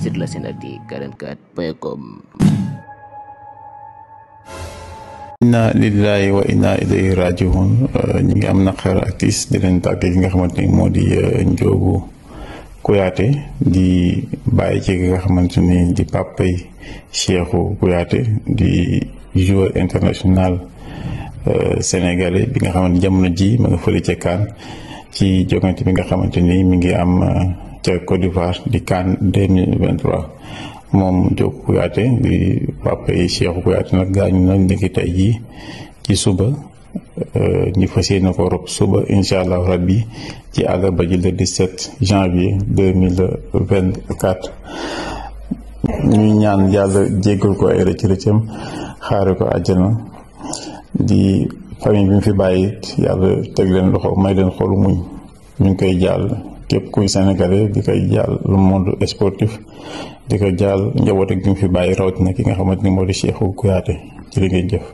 setelah kalian karankat payakom inna lillahi wa inna ilaihi rajiun ñi eh, eh, am naqar ak tiis di leen tàgge li nga xamante ni moo di njoogu kuyaate di bàyyi ci nga xamante di papay cheikhu kuyate di joueur international sénégalais bi nga xamante jamono ji ma nga fële ca kaan ci jogante bi nga mi ngi am ca Côte d'Ivoire di CAN 2023 moom Diop Kouyaté di papa yi Cheikhou Kouyaté nag gaañu na niki tey jii ci suba euh, ñu fas yéene ko rob suba incha allah rabbi ci àllarba ji le 17 janvier 2024 ñuy ñaan yàlla jéggal ko ay rëcc-rëccam xaare ko àjjana di famille bi mu fi bàyyi yàlla teg leen loxo may leen xolu muñ ñu ngi koy jàll képp kuy sénégalais di koy jaal le monde sportif di ko jaal njaboot ak gi mu fi bàyyi ki nga xamante ni moo di Cheikhou Kouyaté ci li jëf.